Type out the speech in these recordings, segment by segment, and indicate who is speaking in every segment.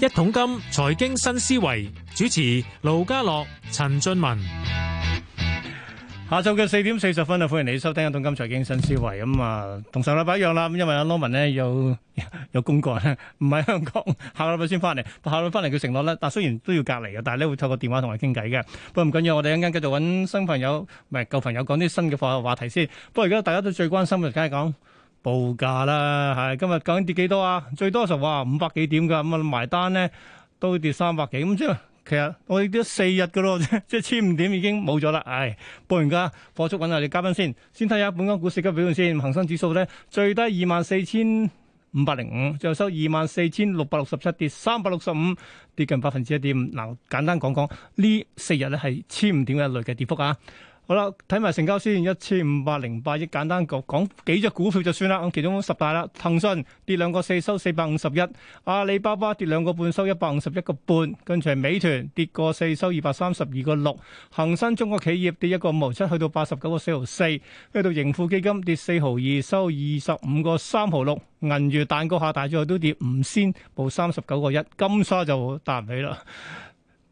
Speaker 1: 一桶金財經新思維，主持盧嘉樂、陳俊文，下晝嘅四點四十分啊，歡迎嚟收聽一桶金財經新思維啊！咁啊，同上禮拜一樣啦。咁因為阿 Norman 咧有有公幹咧，唔喺香港，下禮拜先翻嚟。下禮拜翻嚟，佢承諾咧，但係雖然都要隔離啊，但係咧會透過電話同我傾偈嘅。不過唔緊要，我哋一陣間繼續揾新朋友，唔係舊朋友講啲新嘅話話題先。不過而家大家都最關心嘅，梗係講。報價啦，係今日究竟跌幾多啊？最多就話五百幾點噶，咁啊埋單咧都會跌三百幾，咁即係其實我哋都四日噶咯，即係千五點已經冇咗啦。唉、哎，報完噶，火速揾下我哋嘉賓先，先睇下本港股市嘅表現先。恒生指數咧最低二萬四千五百零五，最後收二萬四千六百六十七，跌三百六十五，跌近百分之一點五。嗱，簡單講講呢四日咧係千五點嘅一類嘅跌幅啊。好啦，睇埋成交先，一千五百零八億。簡單講，講幾隻股票就算啦。咁其中十大啦，騰訊跌兩個四，收四百五十一；阿里巴巴跌兩個半，收一百五十一個半。跟住係美團跌個四，收二百三十二個六。恒生中國企業跌一個五毫七，去到八十九個四毫四。去到盈富基金跌四毫二，收二十五個三毫六。銀娛蛋糕下大咗，都跌五仙，報三十九個一。金沙就彈唔起啦。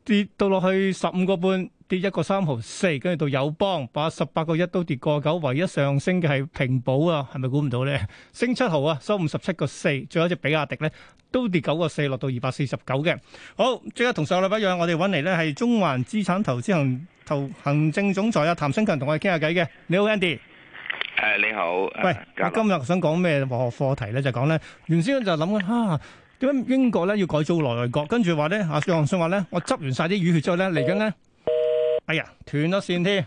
Speaker 1: 跌到落去十五個半，跌一個三毫四，跟住到友邦，把十八個一都跌過九，唯一上升嘅係平保啊，係咪估唔到咧？升七毫啊，收五十七個四，最後一隻比亞迪咧，都跌九個四，落到二百四十九嘅。好，最後同上個禮拜一樣，我哋搵嚟咧係中環資產投資行投行政總裁啊譚新強同我哋傾下偈嘅。你好 Andy，誒、
Speaker 2: uh, 你好，uh, 喂，今日
Speaker 1: 想講咩和課題咧？就講咧，原先原就諗緊吓。啊啊啊點解英國咧要改造內閣？跟住話咧，阿小王信話咧，我執完晒啲魚血之後咧，嚟緊咧，哎呀斷咗線添，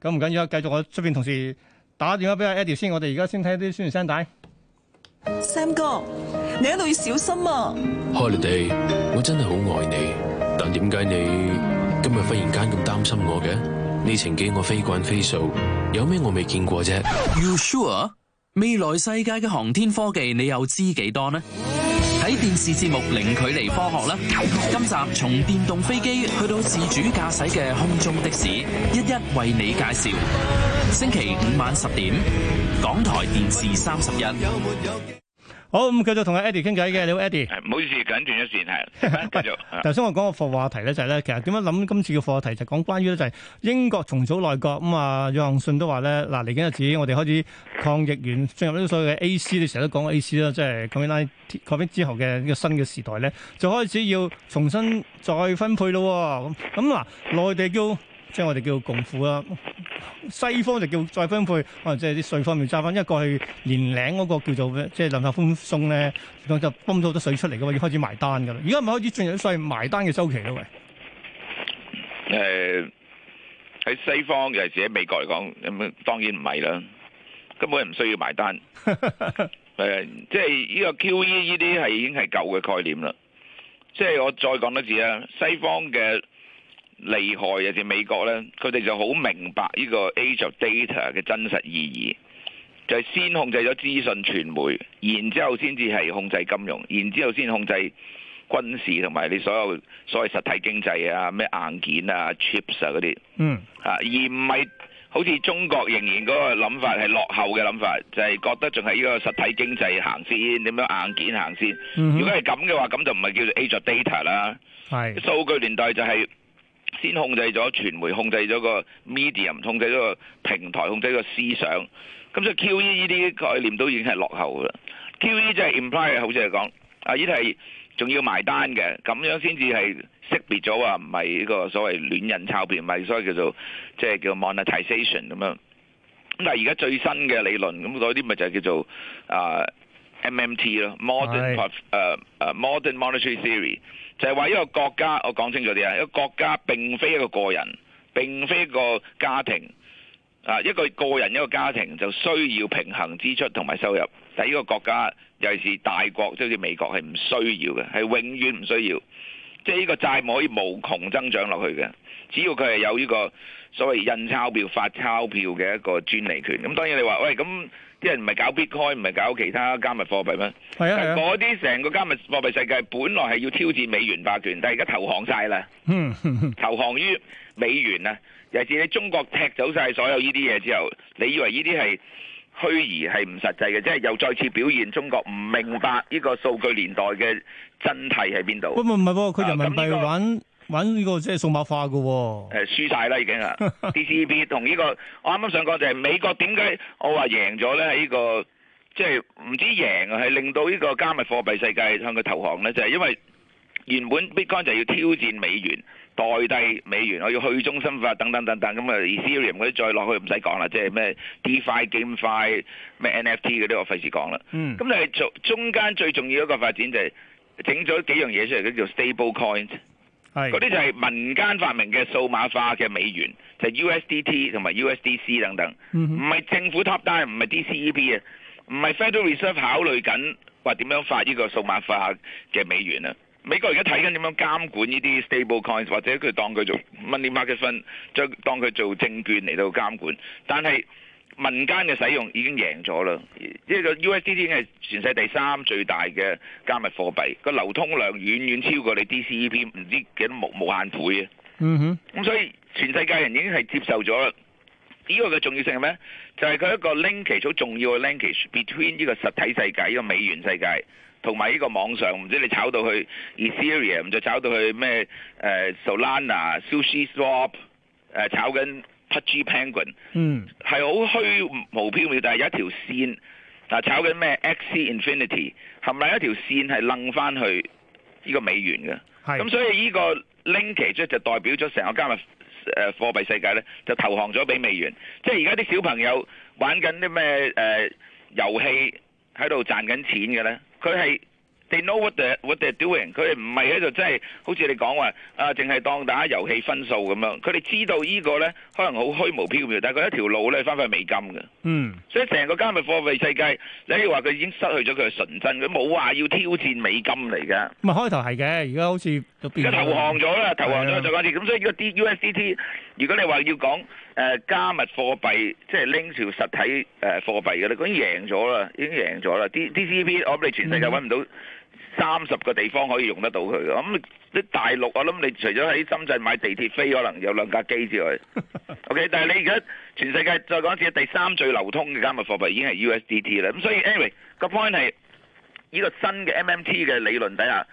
Speaker 1: 咁唔緊要，繼續我出邊同事打電話俾阿 Adil 先，我哋而家先睇啲宣傳聲帶。Sam 哥，你喺度要小心啊！h i
Speaker 2: 哈利，Holiday, 我真係好愛你，但點解你今日忽然間咁擔心我嘅？你曾結我非慣非素，有咩我未見過啫？You sure？未來世界嘅航天科技，你又知幾多呢？喺電視節目零距離科學啦，今集從電動飛機去到自主駕駛嘅空中的士，一一為你介紹。星期五晚十點，港台電視三十一。
Speaker 1: 好，咁繼續同阿 Eddie 傾偈嘅，你好 Eddie，係，
Speaker 2: 唔好意 思，緊斷咗線，係，繼續。頭先
Speaker 1: 我講個課話題咧就係、是、咧，其實點樣諗今次嘅課題就講關於咧就係英國重組內閣，咁、嗯、啊，約翰遜都話咧，嗱、啊，嚟緊日子，我哋開始抗疫完，進入呢啲所謂嘅 AC，你成日都講 AC 啦，即係講緊抗疫之後嘅呢個新嘅時代咧，就開始要重新再分配咯、哦，咁咁嗱，內、啊、地叫。即係我哋叫共富啦，西方就叫再分配，可能即係啲稅方面揸翻一啲，因為過去年領嗰個叫做即係量化寬鬆咧，就泵咗好多水出嚟嘅嘛，要開始埋單嘅啦。而家咪開始進入啲稅埋單嘅週期咯，喂。
Speaker 2: 誒、呃，喺西方尤其是喺美國嚟講，咁當然唔係啦，根本唔需要埋單。誒、 呃，即係呢個 QE 呢啲係已經係舊嘅概念啦。即係我再講多次啊，西方嘅。厲害又是美國呢，佢哋就好明白呢個 age of data 嘅真實意義，就係、是、先控制咗資訊傳媒，然之後先至係控制金融，然之後先控制軍事同埋你所有所謂實體經濟啊，咩硬件啊、chips 啊嗰啲，
Speaker 3: 嗯
Speaker 2: 嚇、啊，而唔係好似中國仍然嗰個諗法係落後嘅諗法，就係、是、覺得仲係呢個實體經濟行先，點樣硬件行先。嗯、哼如果係咁嘅話，咁就唔係叫做 age of data 啦，係數是據年代就係、是。先控制咗傳媒，控制咗個 medium，控制咗個平台，控制個思想。咁所以 QE 呢啲概念都已經係落後㗎啦。QE 即係 imply，好似係講啊，呢啲係仲要埋單嘅，咁樣先至係識別咗話唔係呢個所謂亂印鈔票，唔係所謂叫做即係、就是、叫 monetization 咁樣。咁但係而家最新嘅理論，咁嗰啲咪就係叫做啊 MMT 咯，modern，誒誒是、uh, modern monetary theory。就係話一個國家，我講清楚啲啊！一個國家並非一個個人，並非一個家庭啊！一個個人一個家庭就需要平衡支出同埋收入，但係呢個國家尤其是大國，即係美國係唔需要嘅，係永遠唔需要。即係呢個債務可以無窮增長落去嘅，只要佢係有呢個所謂印鈔票發鈔票嘅一個專利權。咁當然你話喂，咁。啲人唔係搞 Bitcoin，唔係搞其他加密貨幣咩？係啊，嗰啲成個加密貨幣世界本來係要挑戰美元霸權，但係而家投降晒啦， 投降於美元啊！尤其是你中國踢走晒所有呢啲嘢之後，你以為呢啲係虛擬係唔實際嘅即係？又再次表現中國唔明白呢個數據年代嘅真諦喺邊度？
Speaker 1: 佢就明白。這玩呢個即係數碼化㗎喎，
Speaker 2: 誒，輸晒啦，已經啦。DCB 同呢個我啱啱想講就係美國點解我話贏咗咧？喺呢個即係唔知贏係令到呢個加密貨幣世界向佢投降咧，就係因為原本 Bitcoin 就要挑戰美元，代替美元，我要去中心化等等等等咁啊。Ethereum 嗰啲再落去唔使講啦，即係咩 DeFi GameFi 咩 NFT 嗰啲我費事講啦。咁你做中間最重要一個發展就係整咗幾樣嘢出嚟，佢叫 Stable Coin。係嗰啲就係民間發明嘅數碼化嘅美元，就係 USDT 同埋 USDC 等等，唔係政府 top down 唔係 DCEP 嘅，唔係 Federal Reserve 考慮緊話點樣發呢個數碼化嘅美元啊！美國而家睇緊點樣監管呢啲 stable coins，或者佢當佢做 money market fund，將當佢做證券嚟到監管，但係。民間嘅使用已經贏咗啦，呢、這、係個 USDT 已經係全世界第三最大嘅加密貨幣，這個流通量遠遠超過你 DCEP 唔知幾多無無限倍嘅、啊。Mm
Speaker 3: hmm. 嗯哼，咁所以
Speaker 2: 全世界人已經係接受咗啦。依、這個嘅重要性係咩？就係、是、佢一個 link 好重要嘅 linkage between 呢個實體世界、呢、這個美元世界同埋呢個網上，唔知你炒到去 Ethereum，再炒到去咩誒 Solana、SushiSwap 誒炒緊。G Penguin，嗯，係好虛無縹緲，但係有一條線，嗱、啊，炒緊咩 Axie Infinity，係咪一條線係掹翻去呢個美元嘅？咁係所以呢個 linkage 就代表咗成個加密誒貨幣世界咧，就投降咗俾美元。即係而家啲小朋友玩緊啲咩誒遊戲喺度賺緊錢嘅咧，佢係。They know what they're what they're doing。佢哋唔係喺度，真係好似你講話啊，淨係當打遊戲分數咁樣。佢哋知道依個咧，可能好虛無縹緲，但係佢一條路咧翻返去美金嘅。嗯。所以成個加密貨幣世界，你話佢已經失去咗佢嘅純真，佢冇話要挑戰美金嚟㗎。唔
Speaker 1: 係開頭係嘅，而家好似變。佢投降咗啦，投降咗就
Speaker 2: 講住。咁所以依個 USDT，如果你話要講誒加密貨幣，即係拎條實體誒貨幣㗎咧，你已經贏咗啦，已經贏咗啦。D DCP，我哋全世界揾唔到。三十個地方可以用得到佢嘅，咁啲大陸我諗，你除咗喺深圳買地鐵飛，可能有兩架機之外，OK。但係你而家全世界再講一次，第三最流通嘅加密貨幣已經係 USDT 啦。咁所以 anyway 個 point 係呢個新嘅 MMT 嘅理論底下。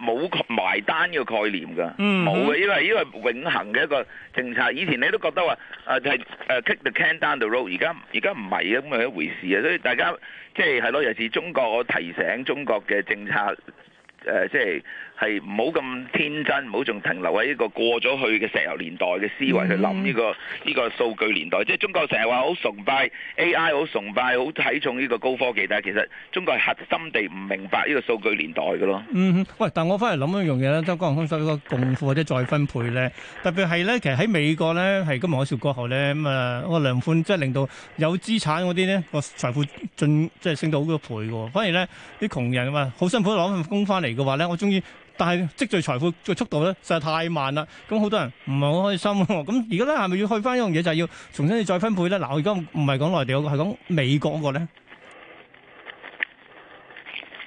Speaker 2: 冇埋單呢個概念㗎，冇嘅，因為因為永恆嘅一個政策。以前你都覺得話，誒就係誒 kick the can down the road，而家而家唔係咁嘅一回事啊。所以大家即係係咯，尤其是中國，我提醒中國嘅政策誒，即係。係唔好咁天真，唔好仲停留喺一個過咗去嘅石油年代嘅思維去諗呢、呢個呢、嗯、個數據年代。即係中國成日話好崇拜 AI，好崇拜，好睇重呢個高科技，但係其實中國係核心地唔明白呢個數據年代嘅咯。嗯
Speaker 1: 哼，喂，但我翻嚟諗一樣嘢咧，周江康叔呢個共富或者再分配咧，特別係咧，其實喺美國咧，係金融海嘯過後咧，咁、嗯、啊，我量寬即係令到有資產嗰啲咧個財富進即係升到好多倍喎。反而咧啲窮人啊嘛，好辛苦攞份工翻嚟嘅話咧，我終於～但係積聚財富嘅速度咧，實在太慢啦！咁好多人唔係好開心喎。咁而家咧係咪要去翻一樣嘢，就係要重新再分配咧？嗱，我而家唔係講內地嗰個，係講美國嗰個咧。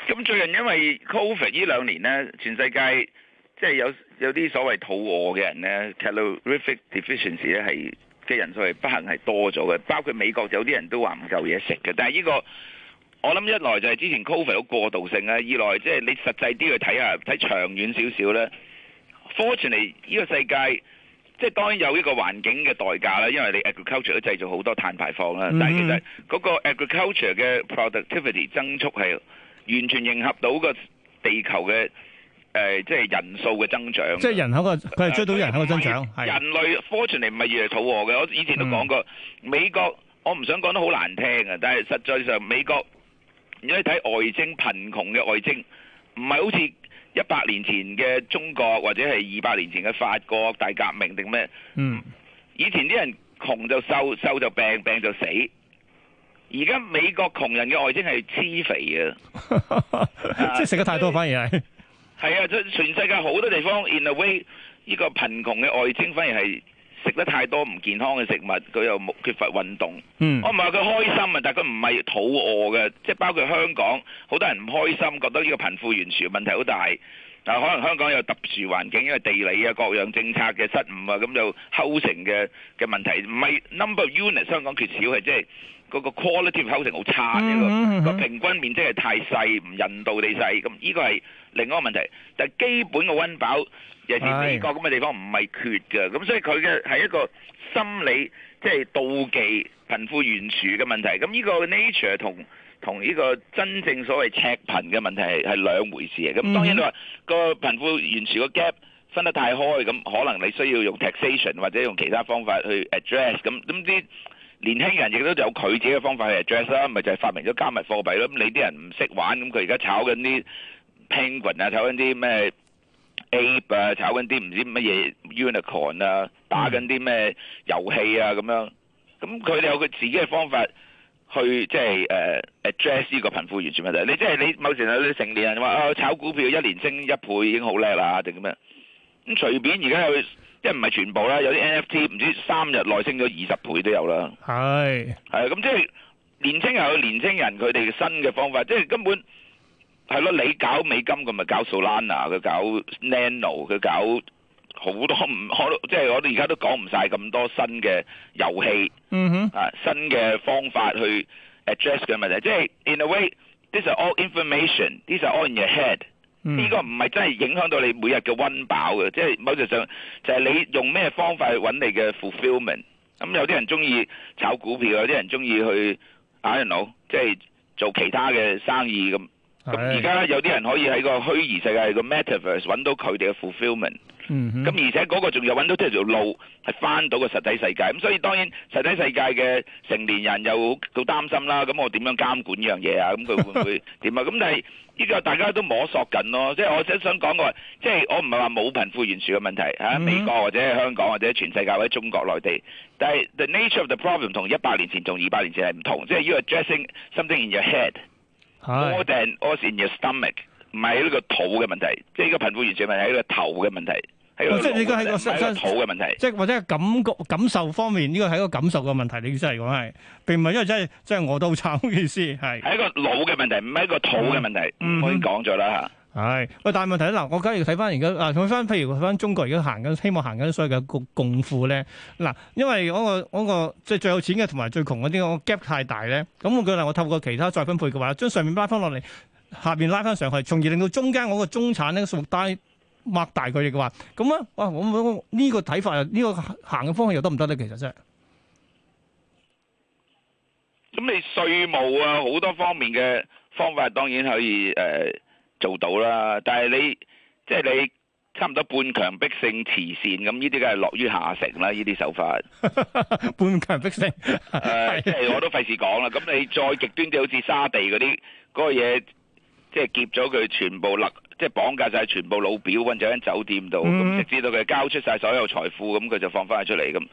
Speaker 2: 咁最近因為 Covid 呢兩年咧，全世界即係有有啲所謂肚餓嘅人咧，calorie deficiency 咧係嘅人數係不幸係多咗嘅，包括美國有啲人都話唔夠嘢食嘅。但係呢個我諗一來就係之前 Covid 好過渡性啊，二來即係你實際啲去睇下，睇長遠少少咧。嗯、fortunately 呢個世界，即、就、係、是、當然有呢個環境嘅代價啦，因為你 agriculture 都製造好多碳排放啦。
Speaker 3: 嗯、
Speaker 2: 但係其實嗰個 agriculture 嘅 productivity 增速係完全迎合到個地球嘅誒，即、呃、係、就是、人數嘅增長。即係
Speaker 1: 人口嘅，佢係追到人口嘅增長。人
Speaker 2: 類 fortunately 唔係越嚟越肚餓嘅，我以前都講過。嗯、美國，我唔想講得好難聽啊，但係實際上美國。如果你睇外徵，貧窮嘅外徵，唔係好似一百年前嘅中國或者係二百年前嘅法國大革命定咩？嗯，以前啲人窮就瘦，瘦就病，病就死。而家美國窮人嘅外徵係黐肥啊， 即係食得太多反而係。係 啊，全世界好多地方，in a way 呢個貧窮嘅外徵反而係。食得太多唔健康嘅食物，佢又冇缺乏運動。嗯、我唔係話佢開心啊，但係佢唔係肚餓嘅，即係包括香港好多人唔開心，覺得呢個貧富懸殊問題好大。嗱，可能香港有特殊環境，因為地理啊、各樣政策嘅失誤啊，咁就 housing 嘅嘅問題，唔係 number of units 香港缺少，係即係嗰個 quality housing 好差嘅、嗯嗯嗯嗯、個個平均面積係太細，唔人道地細，咁呢個係另一個問題。就係、是、基本嘅温飽，尤其是美國咁嘅地方唔係缺嘅，咁是所以佢嘅係一個心理，即、就、係、是、妒忌貧富懸殊嘅問題。咁呢個 nature 同。同呢個真正所謂赤貧嘅問題係係兩回事嘅。咁當然你話、mm hmm. 個貧富懸殊個 gap 分得太開，咁可能你需要用 taxation 或者用其他方法去 address。咁咁啲年輕人亦都有佢自己嘅方法去 address 啦，咪就係發明咗加密貨幣咯。咁你啲人唔識玩，咁佢而家炒緊啲 penguin 啊，炒緊啲咩 ape 啊，炒緊啲唔知乜嘢 unicorn 啊，打緊啲咩遊戲啊咁樣。咁佢哋有佢自己嘅方法。去即係誒 address 呢個貧富懸殊問題。你即係你某程有啲成年人話啊、哦，炒股票一年升一倍已經好叻啦，定咁咩？咁隨便而家有即係唔係全部啦，有啲 NFT 唔知三日內升咗二十倍都有啦。係係咁，即係年青人有年青人佢哋嘅新嘅方法，即、就、係、是、根本係咯，你搞美金，佢咪搞 Solana，佢搞 Nano，佢搞。好多唔，多即我即係我哋而家都講唔晒咁多新嘅遊戲，
Speaker 3: 嗯
Speaker 2: 哼、mm，hmm. 啊新嘅方法去 address 嘅問題，即係 in a way，this is all information，this is all in your head、mm。呢個唔係真係影響到你每日嘅溫飽嘅，即係某程度上就係、是、你用咩方法去揾你嘅 fulfillment。咁、嗯、有啲人中意炒股票，有啲人中意去 I don't know, 即係做其他嘅生意咁。
Speaker 3: 咁而家有啲人可以喺個虛擬
Speaker 2: 世界個 metaverse 揾到佢哋嘅 fulfillment。咁、mm hmm. 而且嗰個仲有揾到即係條路，係翻到個實體世界，咁所以當然實體世界嘅成年人又都擔心啦。咁我點樣監管呢樣嘢啊？咁佢會唔會點啊？咁 但係呢個大家都摸索緊咯。即係我想想講個，即係我唔係話冇貧富懸殊嘅問題嚇，啊 mm hmm. 美國或者香港或者全世界或者中國內地。但係 the nature of the problem 同一百年前同二百年前係唔同，即係 you're addressing something in your head Hi. more than or in your stomach。唔係呢個土嘅問題，即係呢個貧富懸殊問題係個頭嘅問題，係即係應該係個土嘅問題，
Speaker 1: 即係、嗯、或者係感覺感受方面，呢個係一個感受嘅問題。你意思係講係並唔係因為真係真係我都好慘嘅意思係。係一
Speaker 2: 個老嘅問題，唔係一個土嘅問題，唔可以講咗啦嚇。
Speaker 1: 喂、嗯，但係問題嗱，我而家要睇翻而家嗱，睇翻譬如翻中國而家行緊，希望行緊所謂嘅共共富咧嗱，因為嗰、嗰個即係、嗰個嗰個、最有錢嘅同埋最窮嗰啲、嗰個 gap 太大咧，咁我覺得我透過其他再分配嘅話，將上面拉翻落嚟。下邊拉翻上去，從而令到中間嗰個中產咧，數目帶擘大佢嘅話，咁啊，哇！我呢個睇法又呢個行嘅方向又得唔得咧？其實真係，
Speaker 2: 咁你稅務啊，好多方面嘅方法，當然可以誒、呃、做到啦。但係你即係、就是、你差唔多半強逼性慈善咁，呢啲梗係落於下乘啦。呢啲手法
Speaker 1: 半強逼性
Speaker 2: 誒， 我都費事講啦。咁你再極端啲，好似沙地嗰啲嗰個嘢。即係劫咗佢全部勒，即係綁架晒全部老表，困咗喺酒店度，咁、mm hmm. 直至到佢交出晒所有財富，咁佢就放翻佢出嚟。咁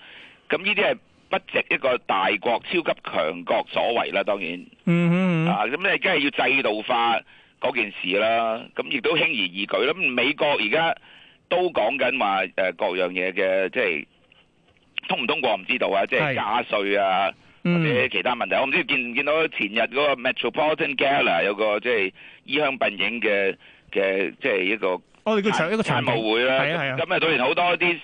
Speaker 2: 咁呢啲係不值一個大國、超級強國所為啦，當然。嗯、mm hmm. 啊，咁你梗係要制度化嗰件事啦。咁亦都輕而易舉啦。咁美國而家都講緊話誒各樣嘢嘅，即係通唔通過唔知道假啊。即係加稅啊！Hmm. 或者其他問題，我唔知見唔見到前日嗰個 Metropolitan Gala 有個即係衣香鬢影嘅嘅即係一個，我哋個上一個財務會啦，係啊係啊，咁啊當然好多啲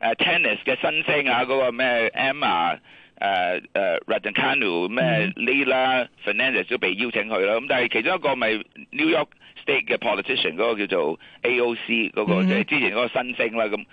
Speaker 2: 誒 tennis 嘅新星啊，嗰個咩 Emma 誒誒 Raducanu 咩 Leylah Fernandez 都被邀請去啦，咁但係其中一個咪 New York State 嘅 politician 嗰個叫做 AOC 嗰個即係之前嗰個新星啦咁。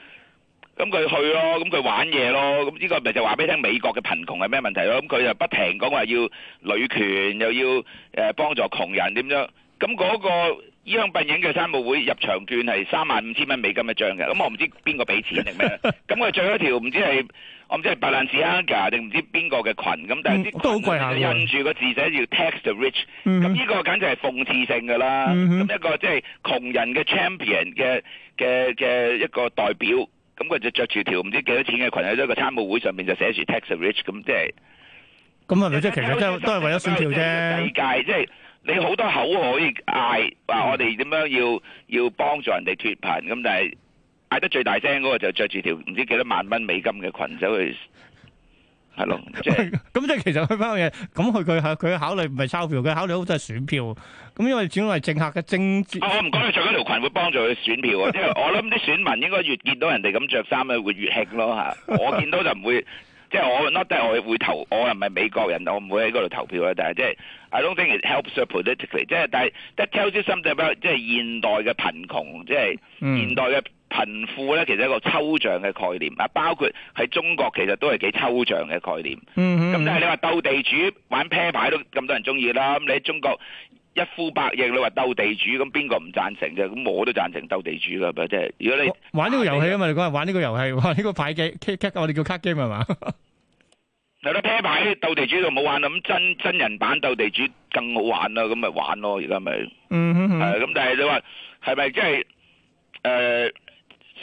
Speaker 2: 咁佢去咯，咁佢玩嘢咯，咁呢個咪就話俾你聽美國嘅貧窮係咩問題咯？咁佢就不停講話要女權，又要誒幫助窮人點樣？咁嗰個依張笨影嘅餐務會入場券係三萬五千蚊美金 一張嘅，咁我唔知邊、嗯嗯、個俾錢定咩？咁佢著開條唔知係我唔知係白蘭士啊定唔知邊個嘅裙，咁但係都好貴下。印住個字寫住 tax the rich，咁呢個簡直係諷刺性㗎啦。咁、嗯哼嗯、一個即係窮人嘅 champion 嘅嘅嘅一個代表。咁佢就著住條唔知幾多錢嘅裙，喺一個參務會上面就寫住 tax rich 咁，即係，咁係咪即係其實即係都係為咗宣傳啫？世界即係你好多口可以嗌，話我哋點樣要要幫助人哋脫貧咁，但係嗌得最大聲嗰個就著住條唔知幾多萬蚊美金嘅裙走去。係咯，即
Speaker 1: 係咁即係其實佢翻嘅嘢，咁佢佢係佢考慮唔係鈔票，佢考慮好多係選票。咁因為主要係政客嘅政治。
Speaker 2: 啊，我唔講佢着嗰條裙會幫助佢選票啊！即係我諗啲選民應該越見到人哋咁着衫咧，會越興咯吓。我見到就唔會，即係我 not 但係我會投。我又唔係美國人，我唔會喺嗰度投票啦。但係即係 I don't think it helps politically。即係但係，但 tells you something about 即係現代嘅貧窮，即係現代嘅。貧富咧，其實一個抽象嘅概念，啊，包括喺中國其實都係幾抽象嘅概念。嗯
Speaker 3: 哼，咁但係你話
Speaker 2: 鬥地主玩 pair 牌都咁多人中意啦，咁你喺中國一呼百應，你話鬥地主，咁邊個唔贊成啫？咁我都贊成鬥地主啦，咪即係如果你
Speaker 1: 玩呢個遊戲啊嘛，你講係玩呢個遊戲，呢個牌嘅，我哋叫 card game 係嘛？
Speaker 2: 係咯，pair 牌鬥地主就唔好玩啦，咁真真人版鬥地主更好玩啦，咁咪玩咯，而家咪。嗯
Speaker 1: 哼
Speaker 2: 哼。誒，咁但係你話係咪即係誒？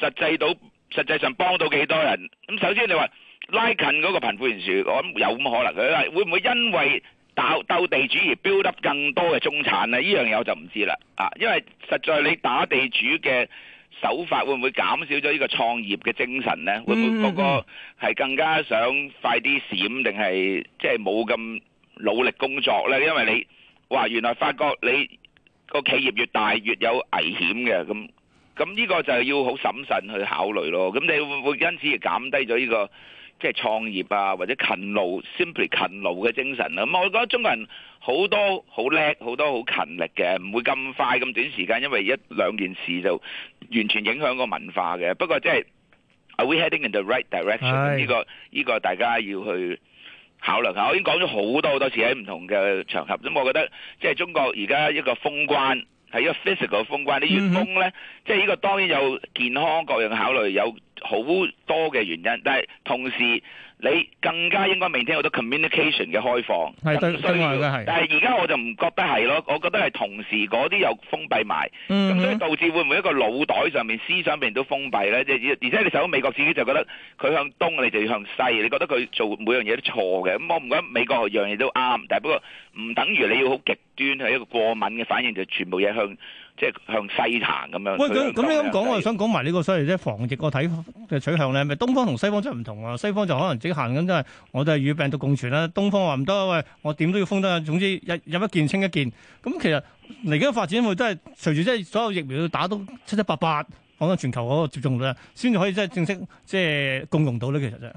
Speaker 2: 實際到實際上幫到幾多人？咁首先你話拉近嗰個貧富懸殊，我諗有咁可能。佢話會唔會因為鬥鬥地主而 build up 更多嘅中產呢？呢樣嘢我就唔知啦。啊，因為實在你打地主嘅手法會唔會減少咗呢個創業嘅精神呢？會唔會嗰個係更加想快啲閃，定係即係冇咁努力工作呢？因為你話原來發覺你個企業越大越有危險嘅咁。咁呢個就係要好審慎去考慮咯。咁你會唔會因此而減低咗呢個即係創業啊，或者勤勞、simply 勤勞嘅精神啊？咁我覺得中國人好多好叻，好多好勤力嘅，唔會咁快咁短時間，因為一兩件事就完全影響個文化嘅。不過即係，are we heading in the right direction？呢個呢個大家要去考慮下。我已經講咗好多好多次喺唔同嘅場合。咁我覺得即係中國而家一個封關。係一個 physical 封關，啲員工咧，即係呢個當然有健康各樣考慮有。好多嘅原因，但係同時你更加應該 maintain 好多 communication 嘅開放，係對外
Speaker 3: 嘅。但係而家我
Speaker 2: 就唔覺得係咯，我覺得係同時嗰啲又封閉埋，咁、嗯、哼所以導致會唔會一個腦袋上面思想面都封閉呢？即而且你睇到美國自己就覺得佢向東，你就要向西。你覺得佢做每樣嘢都錯嘅。咁我唔覺得美國樣嘢都啱，但係不過唔等於你要好極端係一個過敏嘅反應，就全部嘢向。即係向西行咁樣。喂，咁你咁講，我
Speaker 1: 係想講埋呢個所謂即係，防疫個睇嘅取向咧，咪東方同西方真係唔同啊？西方就可能直行緊，真係我哋係與病毒共存啦。東方話唔得，喂，我點都要封得。總之一，一一件清一件。咁其實嚟緊發展，會真係隨住即係所有疫苗打都打到七七八八，講緊全球嗰個接種率先至可以真係正式即係共用到咧。其實啫、就
Speaker 2: 係。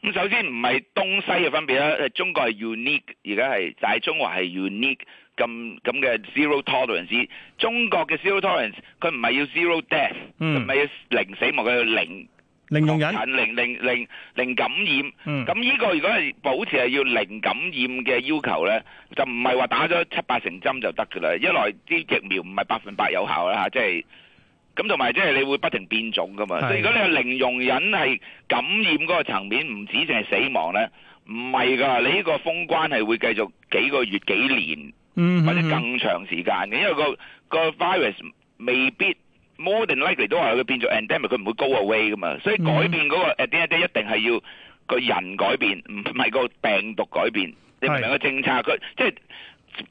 Speaker 2: 咁首先唔係東西嘅分別啦，中國係 unique，而家係但係、就係、中國係 unique。咁咁嘅 zero tolerance，中國嘅 zero tolerance，佢唔係要 zero death，唔係要零死亡，佢要零
Speaker 1: 零容忍、零
Speaker 2: 零零零感染。咁依個如果係保持係要零感染嘅要求咧，就唔係話打咗七八成針就得嘅啦。一來啲疫苗唔係百分百有效啦吓，即係咁同埋即係你會不停變種㗎嘛。所以如果你係零容忍係感染嗰個層面，唔止淨係死亡咧，唔係㗎。你依個封關係會繼續幾個月幾年。或者更長時間嘅，因為、嗰個、嗰個 virus 未必 more than likely 都係佢變咗 endemic，佢唔會 go away 噶嘛，所以改變嗰、嗰個 idea 咧 一定係要個人改變，唔係個病毒改變。 你明唔明個政策？佢即係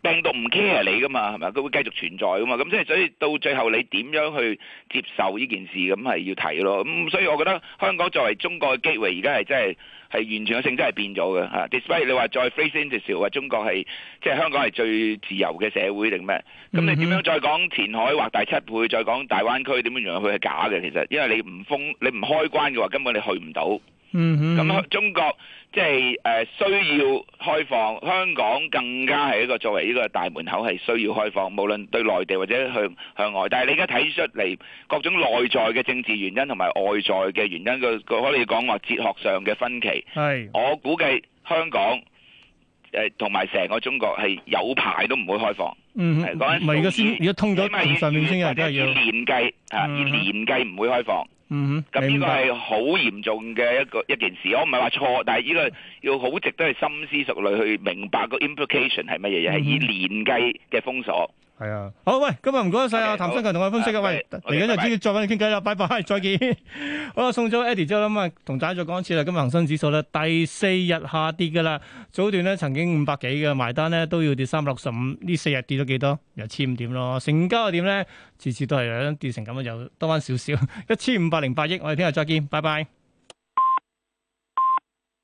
Speaker 2: 病毒唔 care 你噶嘛，係咪？佢會繼續存在噶嘛，咁即係所以到最後你點樣去接受呢件事咁係要睇咯。咁所以我覺得香港作為中國嘅 gateway，而家係真係。係完全個性質係變咗嘅嚇，Despite 你話再 face interview 話中國係即係香港係最自由嘅社會定咩？
Speaker 3: 咁你點樣再
Speaker 2: 講前海或第七倍，再講大灣區點樣樣，佢係假嘅其實，因為你唔封你唔開關嘅話，根本你去唔到。嗯，咁中國即係誒需要開放，香港更加係一個作為呢個大門口係需要開放，無論對內地或者向向外。但係你而家睇出嚟各種內在嘅政治原因同埋外在嘅原因，佢佢可以講話哲學上嘅分歧。係，我估計香港誒同埋成個中國係有排都唔會開放。嗯，係，𠮶 陣時
Speaker 1: 如果通咗，上面先要年計
Speaker 2: 吓，要年計唔會開放。
Speaker 1: 嗯，咁呢個係
Speaker 2: 好嚴重嘅一個一件事，我唔係話錯，但係呢個要好值得去深思熟慮去明白個 implication 係乜嘢，嘢、嗯哼，係以年計嘅封鎖。係
Speaker 1: 啊，好喂，今日唔該晒啊，譚 Okay, 新強同我分析啊，好喂，嚟緊會 okay, 就知要再揾你傾偈啦，拜拜，拜拜，再見。 好啊，送咗 Eddie 之後咧，咁啊同仔再講一次啦。今日恒生指數咧第四日下跌噶啦，早段咧曾經五百幾嘅埋單咧都要跌三百六十五，呢四日跌咗幾多？又千五點咯，成交又點咧？次次都係響跌成咁樣，又多翻少少，一千五百零八億。我哋聽日再見，拜拜。